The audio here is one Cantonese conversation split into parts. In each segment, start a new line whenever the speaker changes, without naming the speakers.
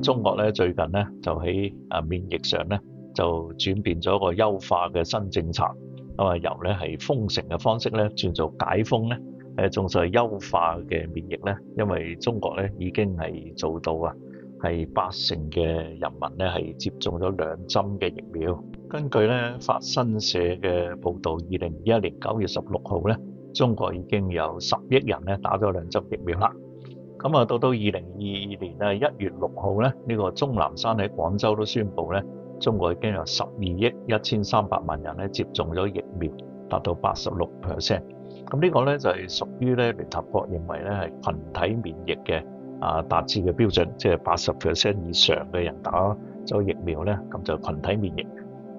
中國咧最近咧就喺啊免疫上咧就轉變咗個優化嘅新政策，咁啊由咧係封城嘅方式咧轉做解封咧，誒仲在優化嘅免疫咧，因為中國咧已經係做到啊係八成嘅人民咧係接種咗兩針嘅疫苗。根據咧法新社嘅報導，二零二一年九月十六號咧，中國已經有十億人咧打咗兩針疫苗啦。咁到到二零二二年一月六號呢，呢個鐘南山喺廣州都宣布呢，中國已經有十二億一千三百萬人呢接種咗疫苗，達到八十六 percent。咁呢個呢，就係屬於咧聯合國認為咧係群體免疫嘅啊達至嘅標準，即係八十 percent 以上嘅人打咗疫苗呢，咁就群體免疫。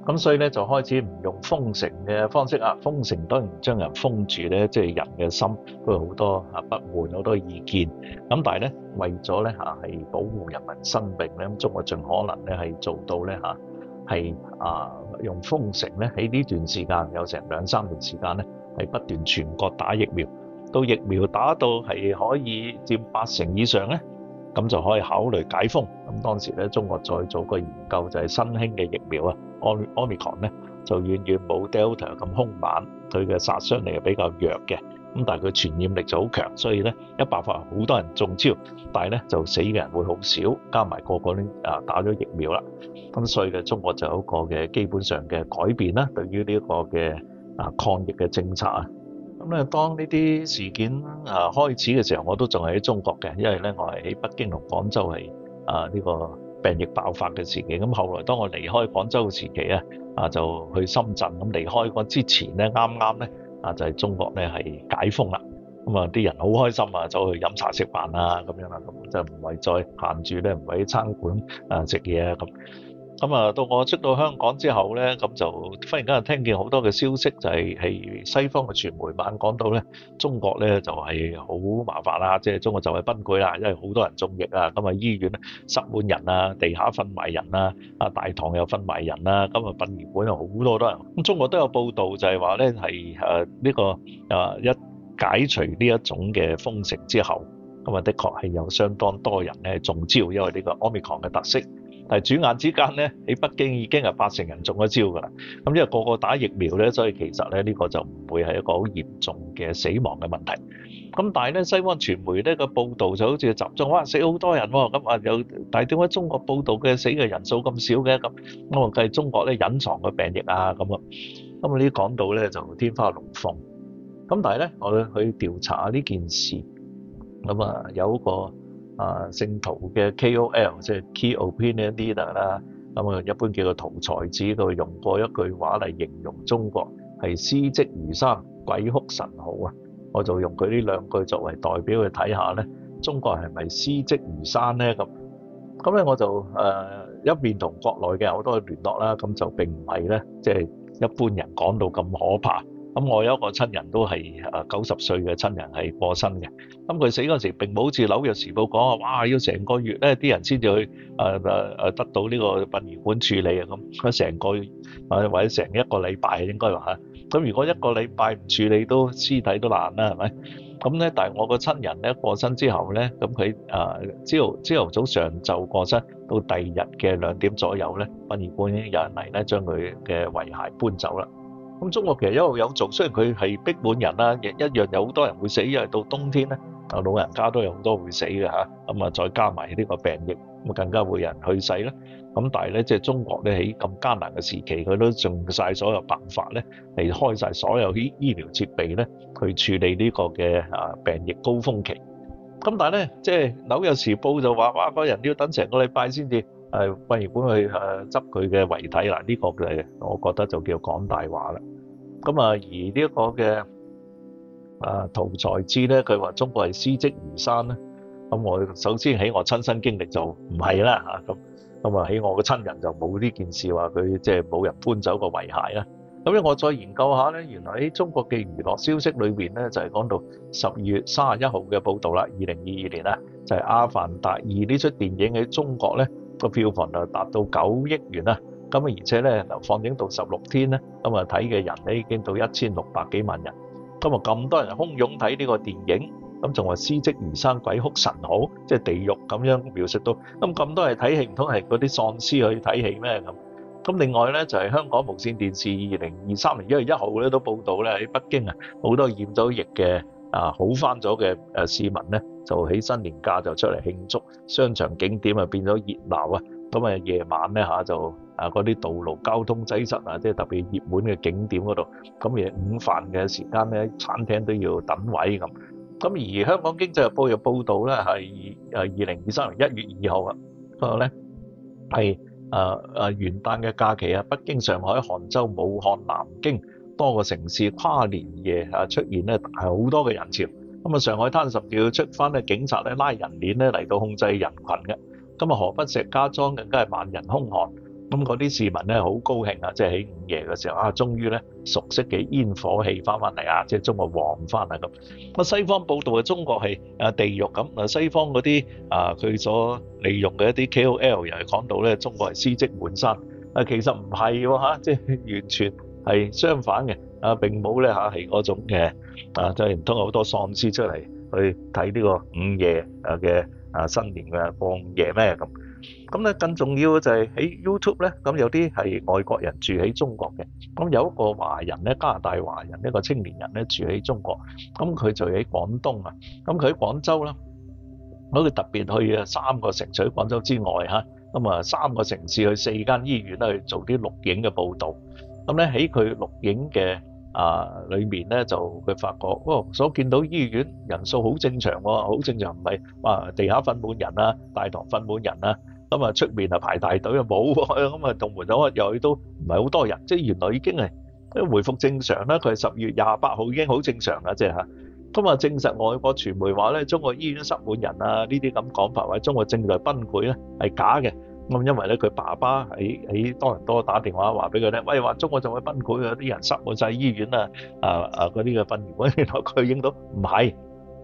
咁所以咧就開始唔用封城嘅方式啊，封城當然將人封住咧，即係人嘅心都有好多嚇不滿，好多意見。咁但係咧，為咗咧嚇係保護人民生命咧，中國盡可能咧係做到咧嚇係啊用封城咧，喺呢段時間有成兩三年時間咧係不斷全國打疫苗，到疫苗打到係可以佔八成以上咧，咁就可以考慮解封。咁當時咧，中國再做個研究就係新興嘅疫苗啊，Omicron 呢就遠遠冇 Delta 咁兇猛，佢嘅殺傷力比較弱嘅。咁但係佢傳染力就好強，所以咧一爆發好多人中招，但係咧就死嘅人會好少，加埋個個呢啊打咗疫苗啦。咁所以咧中國就有一個嘅基本上嘅改變啦，對於呢個嘅啊抗疫嘅政策啊。咁咧，當呢啲事件啊開始嘅時候，我都仲係喺中國嘅，因為咧我係喺北京同廣州係啊呢個病疫爆發嘅時期。咁後來當我離開廣州嘅時期咧，啊就去深圳。咁離開之前咧，啱啱咧啊就係、是、中國咧係解封啦。咁啊啲人好開心啊，走去飲茶食飯啊咁樣啊，咁就唔係再限住咧，唔喺餐館啊食嘢啊咁。咁啊，到我出到香港之後咧，咁就忽然間聽見好多嘅消息，就係西方嘅傳媒猛講到咧，中國咧就係好麻煩啦，即係中國就係崩潰啦，因為好多人中疫啊，咁啊醫院塞滿人啊，地下瞓埋人啦，啊大堂又瞓埋人啦，咁啊殯儀館又好多好多人。咁中國都有報道，就係話咧係呢個、啊、一解除呢一種嘅封城之後，咁啊的確係有相當多人咧中招，因為呢個 Omicron 嘅特色。但係轉眼之間咧，喺北京已經係八成人中咗招㗎啦。咁因為個個打疫苗咧，所以其實咧呢個就唔會係一個好嚴重嘅死亡嘅問題。咁但係咧，西方傳媒咧個報導就好似集中，哇死好多人喎。咁啊有，但係點解中國報導嘅死嘅人數咁少嘅？咁我話計中國咧隱藏嘅病疫啊咁啊。咁啊呢啲講到咧就天花龍鳳。咁但係咧，我哋去調查下呢件事，咁啊有一個。啊！姓屠嘅 K.O.L 即係 Key Opinion Leader 啦，咁啊一般叫做屠才子，佢用過一句話嚟形容中國係屍積如山、鬼哭神號啊！我就用佢呢兩句作為代表去睇下咧，中國係咪屍積如山咧？咁咁咧我就誒、呃、一面同國內嘅好多嘅聯絡啦，咁就並唔係咧，即、就、係、是、一般人講到咁可怕。咁我有一個親人都係啊九十歲嘅親人係過身嘅，咁佢死嗰陣時並冇好似紐約時報講啊，哇要成個月咧啲人先至去啊啊啊得到呢個殯儀館處理啊咁，佢成個月、呃、或者成一個禮拜應該話，咁如果一個禮拜唔處理都屍體都爛啦係咪？咁咧，但係我個親人咧過身之後咧，咁佢啊朝朝頭早上就過身，到第二日嘅兩點左右咧，殯儀館有人嚟咧將佢嘅遺骸搬走啦。咁中國其實一路有做，雖然佢係逼滿人啦，亦一樣有好多人會死，因為到冬天咧，啊老人家都有好多會死嘅嚇。咁啊，再加埋呢個病疫，咁更加會有人去世啦。咁但係咧，即係中國咧喺咁艱難嘅時期，佢都盡曬所有辦法咧，嚟開曬所有醫醫療設備咧，去處理呢個嘅啊病疫高峯期。咁但係咧，即係紐約時報就話，哇！嗰人都要等成個禮拜先至誒殯儀館去誒執佢嘅遺體。嗱，呢個誒，我覺得就叫講大話啦。咁啊，而呢一個嘅啊陶財智咧，佢話中國係屍積如山咧。咁我首先喺我親身經歷就唔係啦嚇。咁咁啊喺我嘅親人就冇呢件事話佢即係冇人搬走個遺骸啦。咁樣我再研究下咧，原來喺中國嘅娛樂消息裏邊咧，就係講到十二月三十一號嘅報導啦。二零二二年啊，就係《阿凡達二》呢出電影喺中國咧個票房就達到九億元啊！咁啊，而且咧，就放映到十六天咧，咁啊，睇嘅人咧已經到一千六百幾萬人。咁啊，咁多人洶湧睇呢個電影，咁仲話屍積如山、鬼哭神嚎，即係地獄咁樣描述到。咁咁多人睇戲，唔通係嗰啲喪屍去睇戲咩咁？咁另外咧，就係香港無線電視二零二三年一月一號咧都報道咧，喺北京啊，好多染咗疫嘅啊好返咗嘅誒市民咧，就起身年假就出嚟慶祝，商場景點啊變咗熱鬧啊，咁啊夜晚咧吓就～啊！嗰啲道路交通擠塞啊，即係特別熱門嘅景點嗰度咁而午飯嘅時間咧，餐廳都要等位咁。咁而香港經濟日報又報道咧，係誒二零二三年一月二號啊，嗰個咧係誒元旦嘅假期啊，北京、上海、杭州、武漢、南京多個城市跨年夜啊出現咧好多嘅人潮。咁啊，上海灘十要出翻咧，警察咧拉人鏈咧嚟到控制人群嘅。咁啊，河北石家莊更加係萬人空巷。咁嗰啲市民咧好高興啊，即係喺午夜嘅時候啊，終於咧熟悉嘅煙火氣翻翻嚟啊，即係中國旺翻啦咁。咁西方報道嘅中國係啊地獄咁嗱，西方嗰啲啊佢所利用嘅一啲 KOL 又係講到咧，中國係屍積滿山啊，其實唔係喎嚇，即係完全係相反嘅啊，並冇咧嚇係嗰種嘅啊，即係唔通有好多喪屍出嚟去睇呢個午夜啊嘅啊新年嘅放夜咩咁？咁咧更重要嘅就係喺 YouTube 咧，咁有啲係外國人住喺中國嘅，咁有一個華人咧，加拿大華人一個青年人咧住喺中國，咁佢就喺廣東啊，咁佢喺廣州啦，咁佢特別去啊三個城，除喺廣州之外嚇，咁啊三個城市去四間醫院咧去做啲錄影嘅報導，咁咧喺佢錄影嘅啊裏面咧就佢發覺，哦，所見到醫院人數好正常喎，好正常唔係哇地下瞓滿人啊，大堂瞓滿人啊。咁啊，出面啊排大隊啊冇喎，咁啊，同門口又去都唔係好多人，即係原來已經係回復正常啦。佢十月廿八號已經好正常啦，即係嚇。咁啊，證實外國傳媒話咧，中國醫院塞滿人啊，呢啲咁講法，話中國正在崩潰咧，係假嘅。咁因為咧，佢爸爸喺喺多倫多打電話話俾佢聽，喂話中國就會崩潰啊，啲人塞滿晒醫院啊，啊啊嗰啲嘅殯儀館，原來佢影到唔係。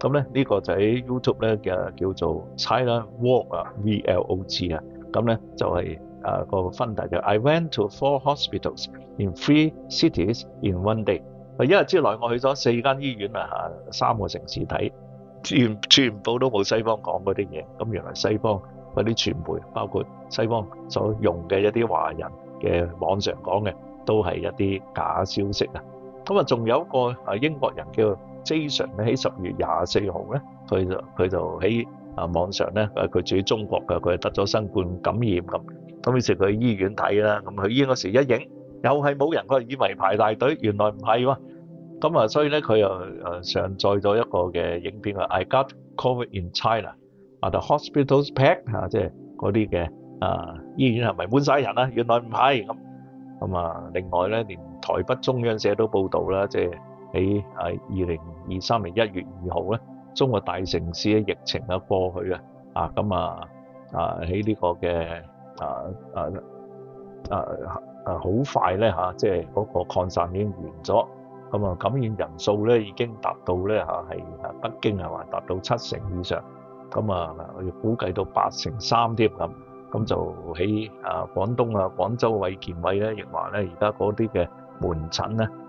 這個在呢個就喺 YouTube 嘅叫做 China Walk 啊 VLOG 啊、就是，咁、uh, 咧就係個分題就 I went to four hospitals in three cities in one day。一日之內我去咗四間醫院啊，三個城市睇，全全部都冇西方講嗰啲嘢。咁原來西方嗰啲傳媒，包括西方所用嘅一啲華人嘅網上講嘅，都係一啲假消息啊。還仲有一個啊英國人叫。Jason 咧喺十月廿四號咧，佢就佢就喺啊網上咧，誒佢住喺中國嘅，佢得咗新冠感染咁，咁於是佢去醫院睇啦，咁去醫院嗰時一影又係冇人，佢以為排大隊，原來唔係喎，咁啊所以咧佢又誒上載咗一個嘅影片話 I got COVID in China at the hospital's pack 嚇，即係嗰啲嘅啊醫院係咪滿曬人啊？原來唔係咁咁啊，另外咧連台北中央社都報道啦，即係喺啊二零。二三年一月二號咧，中國大城市嘅疫情啊過去啊，啊，啊咁啊啊喺、啊、呢個嘅啊啊啊啊好快咧嚇，即係嗰個擴散已經完咗，咁啊感染人數咧已經達到咧嚇係北京係話達到七成以上，咁啊我要估計到八成三添咁，咁就喺啊廣東啊廣州衞健委咧亦話咧而家嗰啲嘅門診咧。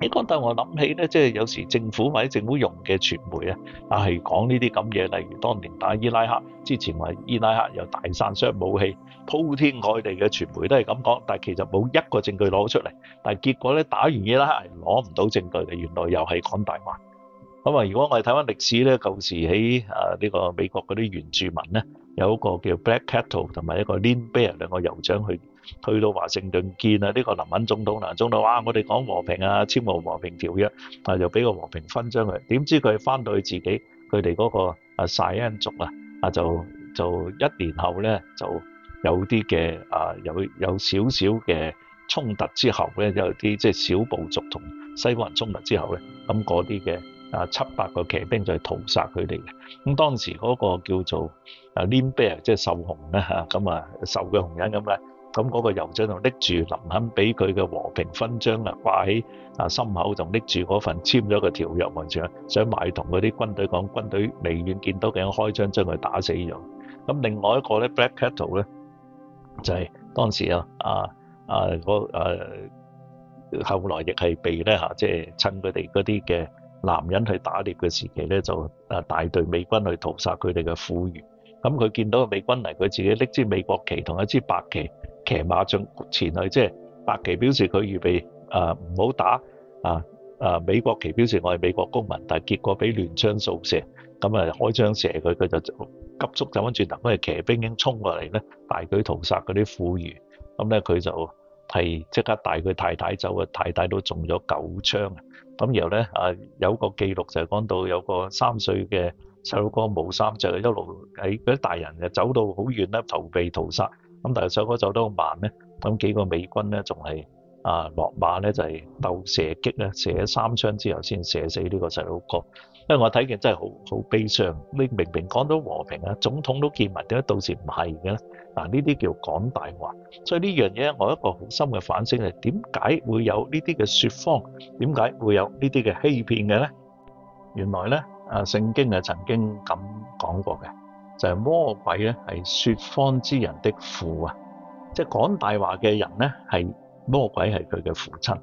你講，但我諗起咧，即係有時政府或者政府用嘅傳媒咧，啊係講呢啲咁嘢，例如當年打伊拉克，之前話伊拉克有大散傷武器，鋪天蓋地嘅傳媒都係咁講，但係其實冇一個證據攞出嚟。但係結果咧，打完伊拉克係攞唔到證據嘅，原來又係講大話。咁啊，如果我哋睇翻歷史咧，舊時喺啊呢個美國嗰啲原住民咧，有一個叫 Black Kettle 同埋一個 Lean Bear 兩個酋長去。去到華盛頓見啊，呢個林肯總統啊，林總統話，我哋講和平啊，簽個和平條約啊，又俾個和平勳章佢。點知佢返到去自己佢哋嗰個啊塞恩族啊，啊就就一年後咧，就有啲嘅啊有有少少嘅衝突之後咧，有啲即係小部族同西方人衝突之後咧，咁嗰啲嘅啊七百個騎兵就屠殺佢哋嘅。咁當時嗰個叫做啊廉比啊即係瘦紅啦，嚇咁啊瘦嘅紅人咁啦。咁、那、嗰個酋長就拎住林肯俾佢嘅和平勳章啊，掛喺啊心口，就拎住嗰份簽咗個條約文，想想埋同嗰啲軍隊講，軍隊未遠見到嘅開槍將佢打死咗。咁另外一個咧，Black Kettle 咧就係、是、當時啊啊啊嗰誒、啊，後來亦係被咧即係趁佢哋嗰啲嘅男人去打獵嘅時期咧，就啊大隊美軍去屠殺佢哋嘅婦孺。咁佢見到美軍嚟，佢自己拎支美國旗同一支白旗。騎馬進前去，即係白旗表示佢預備，誒唔好打啊！誒啊，美國旗表示我係美國公民，但係結果俾亂槍掃射，咁啊開槍射佢，佢就急速走返轉頭，突然間騎兵已經衝過嚟咧，大舉屠殺嗰啲婦孺。咁咧佢就係即刻帶佢太太走，個太太都中咗九槍。咁然後咧，啊有個記錄就講到有個三歲嘅細路哥冇衫著，一路喺嗰啲大人就走到好遠咧，逃避屠殺。咁但係首歌走得好慢咧，咁幾個美軍咧仲係啊落馬咧就係鬥射擊咧，射咗三槍之後先射死呢個細路哥。因為我睇見真係好好悲傷。你明明講到和平啊，總統都見埋，點解到時唔係嘅咧？嗱，呢啲叫講大話。所以呢樣嘢我一個好深嘅反省係點解會有呢啲嘅説謊？點解會有呢啲嘅欺騙嘅咧？原來咧啊，聖經啊曾經咁講過嘅。就係、是、魔鬼咧，係説謊之人的父啊！即係講大話嘅人咧，係魔鬼係佢嘅父親。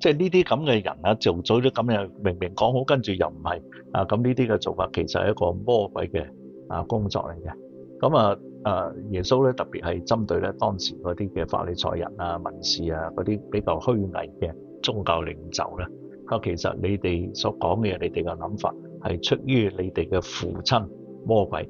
即係呢啲咁嘅人啊，做咗啲咁嘅，明明講好，跟住又唔係啊！咁呢啲嘅做法其實係一個魔鬼嘅啊工作嚟嘅。咁啊啊，耶穌咧特別係針對咧當時嗰啲嘅法利賽人啊、文士啊嗰啲比較虛偽嘅宗教領袖咧，啊其實你哋所講嘅你哋嘅諗法係出於你哋嘅父親魔鬼。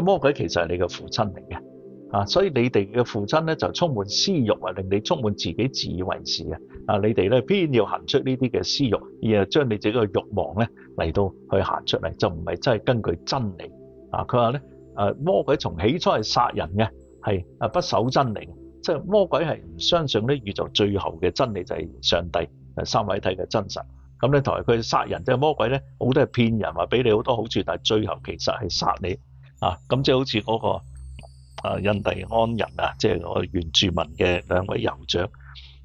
魔鬼其實係你嘅父親嚟嘅啊，所以你哋嘅父親呢，就充滿私欲，啊，令你充滿自己自以為是啊。你哋呢，偏要行出呢啲嘅私欲，而後將你自己嘅慾望呢嚟到去行出嚟，就唔係真係根據真理啊。佢話呢，誒魔鬼從起初係殺人嘅，係啊不守真理的，即係魔鬼係唔相信呢宇宙最後嘅真理就係上帝三位體嘅真實。咁你同埋佢殺人即係魔鬼呢，好多係騙人，話俾你好多好處，但係最後其實係殺你。啊，咁即係好似嗰個啊印第安人啊，即係個原住民嘅兩位酋長，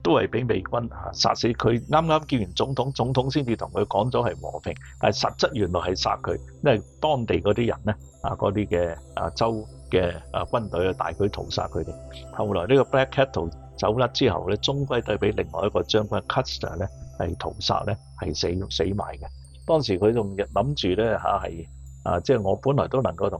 都係俾美軍啊殺死佢。啱啱見完總統，總統先至同佢講咗係和平，但係實質原來係殺佢，因為當地嗰啲人咧啊嗰啲嘅啊州嘅啊軍隊啊帶佢屠殺佢哋。後來呢個 Black Cattle 走甩之後咧，終歸都俾另外一個將軍 Custer 咧係屠殺咧係死死埋嘅。當時佢仲諗住咧嚇係啊，即係我本來都能夠同。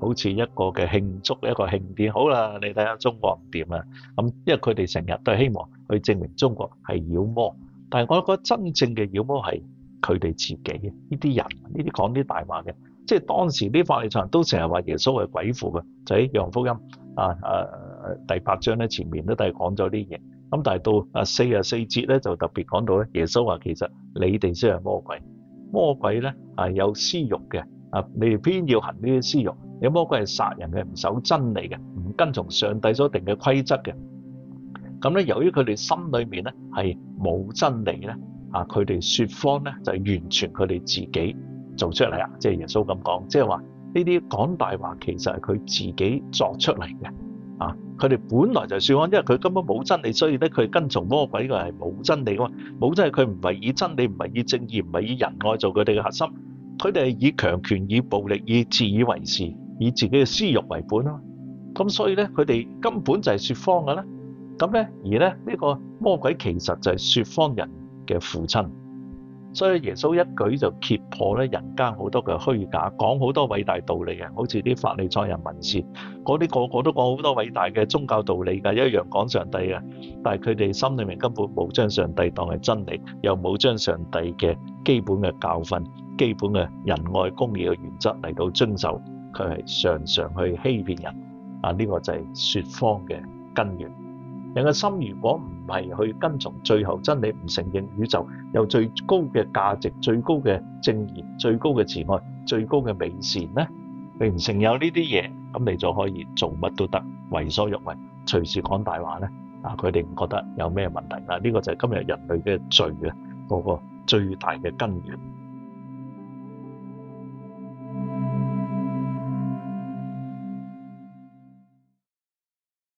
好似一個嘅慶祝一個慶典，好啦，你睇下中國唔掂啊？咁因為佢哋成日都係希望去證明中國係妖魔，但係我覺得真正嘅妖魔係佢哋自己呢啲人呢啲講啲大話嘅，即係當時啲法利賽人都成日話耶穌係鬼父嘅，就喺《羊福音》啊啊第八章咧前面都都係講咗啲嘢。咁但係到啊四十四節咧就特別講到咧，耶穌話其實你哋先係魔鬼，魔鬼咧係有私欲嘅。啊！你哋偏要行呢啲私欲，有魔鬼係殺人嘅，唔守真理嘅，唔跟從上帝所定嘅規則嘅。咁咧，由於佢哋心裏面咧係冇真理咧，啊，佢哋説謊咧就完全佢哋自己做出嚟啊、就係！即係耶穌咁講，即係話呢啲講大話其實係佢自己作出嚟嘅。啊，佢哋本來就説謊，因為佢根本冇真理，所以咧佢跟從魔鬼，佢係冇真理噶嘛，冇真係佢唔係以真理，唔係以正義，唔係以仁愛做佢哋嘅核心。佢哋以強權、以暴力、以自以為是、以自己嘅私欲為本。咁所以呢，佢哋根本就係説謊㗎啦。咁呢，而咧呢個魔鬼其實就係説謊人嘅父親。所以耶穌一舉就揭破咧，人間好多嘅虛假，講好多偉大道理嘅，好似啲法利賽人、文士，嗰啲個個都講好多偉大嘅宗教道理㗎，一樣講上帝嘅，但係佢哋心裏面根本冇將上帝當係真理，又冇將上帝嘅基本嘅教訓、基本嘅仁愛公義嘅原則嚟到遵守，佢係常常去欺騙人，啊呢個就係説謊嘅根源。人嘅心如果唔係去跟從最後真理，唔承認宇宙有最高嘅價值、最高嘅正義、最高嘅慈愛、最高嘅美善咧，你唔承有呢啲嘢，咁你就可以做乜都得，為所欲為，隨時講大話咧。啊，佢哋唔覺得有咩問題啦。呢個就係今日人類嘅罪啊，嗰個最大嘅根源。